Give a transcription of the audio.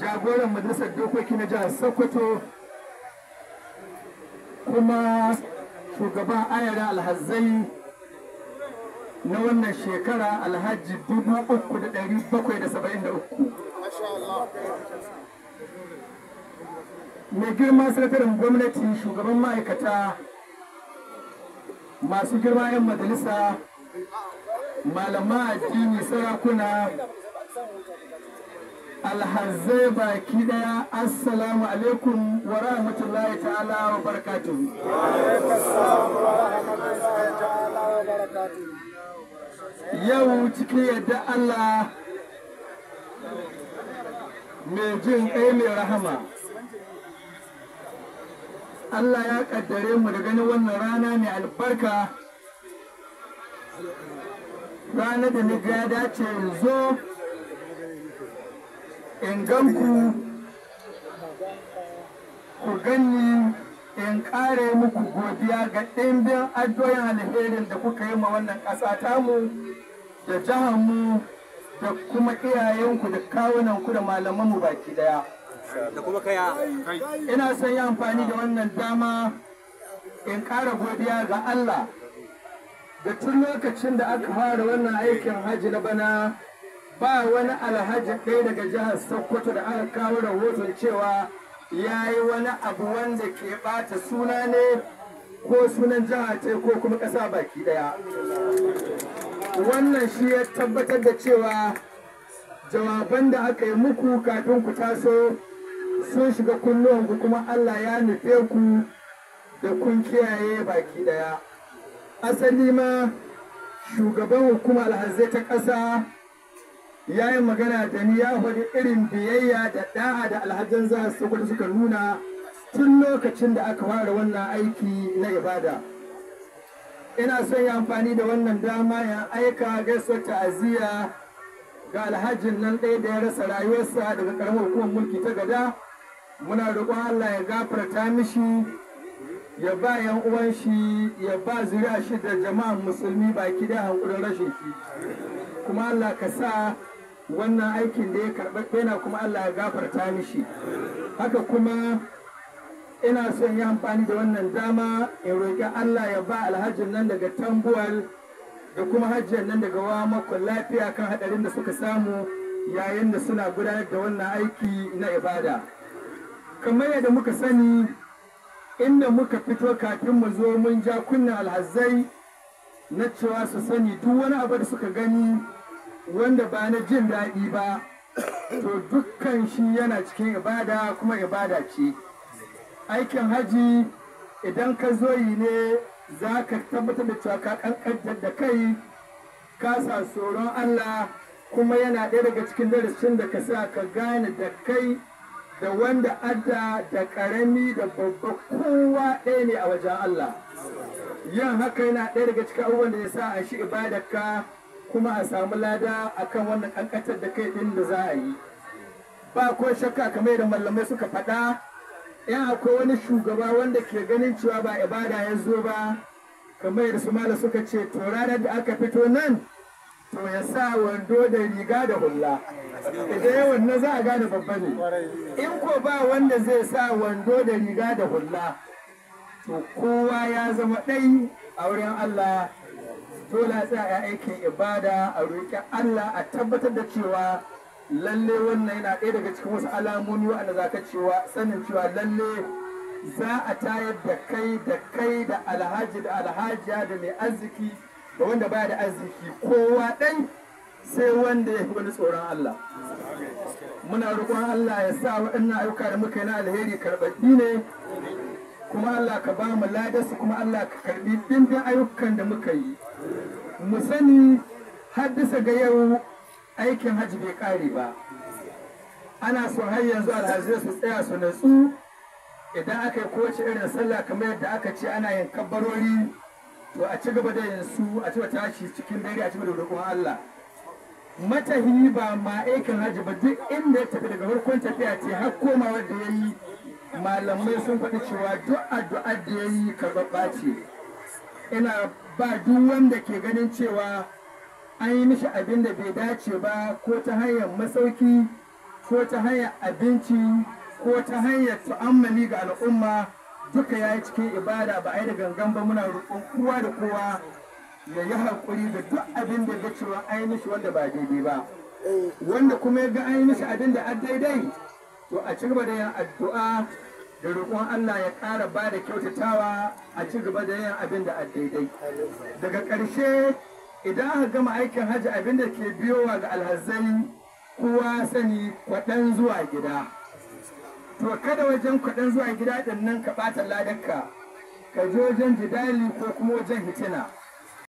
jagoran majalisar dokoki na jihar sokoto kuma shugaban ayara alhazai na wannan shekara alhaji dubu uku da dari bakwai da saba'in da uku mai girma sakataren gwamnati shugaban ma'aikata masu girma 'yan majalisa malama addini sarakuna alhazai baki daya assalamu alaikum wa rahmatullahi ta'ala wa barakatun yau cikin yadda Allah mai jin ɗaya mai rahama Allah ya ƙaddare mu da ganin wannan rana mai albarka ranar da na ga dace in zo in ganku ku ganni in ƙare muku godiya ga ɗimbin addu'o'in alherin da kuka yi ma wannan ƙasa tamu da jihanmu da kuma iyayenku da kawunanku da malamanmu baki daya. Ah. Ina son yi amfani da wannan dama in kara godiya ga Allah. da tun lokacin da aka fara wannan aikin hajji na bana ba wani alhaji ɗaya daga jihar sokoto da aka kawo rahoton cewa ya yi wani abu wanda ke ɓata suna ne ko sunan jiha ta ko kuma ƙasa baki ɗaya wannan shi ya tabbatar da cewa jawaban da aka yi muku kafin ku taso sun shiga kunnuwanku kuma allah ya nufe ku da kun kiyaye baki ɗaya asali ma shugaban hukumar alhazai ta ƙasa ya yi magana da ni ya faɗi irin biyayya da da'a da alhajjan za su gudu suka nuna tun lokacin da aka fara wannan aiki na ibada ina son yi amfani da wannan dama ya aika gaisuwar ta'aziyya ga alhajin nan ɗaya da ya rasa rayuwarsa daga ƙaramar hukumar mulki ta gada muna roƙon allah ya gafarta mishi ya ba yan uwan shi ya ba zuriya shi da jama'an musulmi baki da hankulin rashin shi kuma Allah ka sa wannan aikin da ya karɓa yana kuma Allah ya gafarta mishi haka kuma ina son yi amfani da wannan dama in roƙi Allah ya ba alhajin nan daga tambuwal da kuma hajjiyar nan daga wa makon lafiya kan haɗarin da suka samu yayin da suna gudanar da wannan aiki na ibada kamar yadda muka sani inda muka fito kafin mu zo mun ja kunna alhazai na cewa su sani duk wani abu da suka gani wanda ba na jin daɗi ba to dukkan shi yana cikin ibada kuma ibada ce aikin haji idan ka zo yi ne za ka tabbatar da cewa ka kankantar da kai ka sa tsoron allah kuma yana ɗaya daga cikin darasin da ka sa ka gane da kai da wanda adda da ƙarami da babba kowa ɗaya ne a wajen Allah yin haka yana ɗaya daga cikin abubuwan da ya sa a shi ibadarka kuma a samu lada akan wannan ƙanƙantar da kai ɗin da za a yi ba ko shakka kamar da mallamai suka faɗa in akwai wani shugaba wanda ke ganin cewa ba ibada ya zo ba kamar da su mala suka ce to ranar da aka fito nan to ya sa wando da riga da hula idan yawan na za a gane babba ne in ko ba wanda zai sa wando da riga da hula to kowa ya zama ɗai a wurin Allah dole tsaya aikin ibada a roƙi Allah a tabbatar da cewa lalle wannan yana ɗaya daga cikin wasu alamomi waɗanda za ka cewa sanin cewa lalle za a tayar da kai da kai da alhaji da alhajiya da mai arziki ba wanda baya da arziki kowa ɗan sai wanda ya fi wani tsoron Allah muna roƙon Allah ya sa waɗannan ayyuka da muka yi na alheri karɓaɗɗi ne kuma Allah ka ba mu ladarsu kuma Allah ka karɓi dindin ayyukan da muka yi mu sani har bisa ga yau aikin hajji bai kare ba ana so har yanzu alhazai su tsaya su natsu idan aka yi kowace irin sallah kamar yadda aka ce ana yin kabarori. to a ci gaba da yansu a ci tashi cikin dare a ci gaba da roƙon Allah matahi ba ma aikin hajji ba duk inda ya tafi daga farkon tafiya ce har komawa da ya yi malamai sun faɗi cewa duk addu'a da ya yi karɓaɓɓa ce ina ba duk wanda ke ganin cewa an yi mishi abin da bai dace ba ko ta hanyar masauki ko ta hanyar abinci ko ta hanyar ta'ammali ga al'umma duka ya yi cikin ibada ba a da gangan ba muna roƙon kowa da kowa ya yi haƙuri da duk abin da ga cewa ainihi wanda ba daidai ba wanda kuma ya ga ainihi yi abin da an daidai to a ci gaba da yin addu'a da roƙon Allah ya ƙara ba da kyautatawa a ci gaba da yin abin da an daidai daga ƙarshe idan aka gama aikin hajji abin da ke biyowa ga alhazai kowa sani kwaɗan zuwa gida. to kada wajen kwaɗan zuwa gida ɗin nan ka ɓata ladarka ka je wajen jidali ko kuma wajen hitina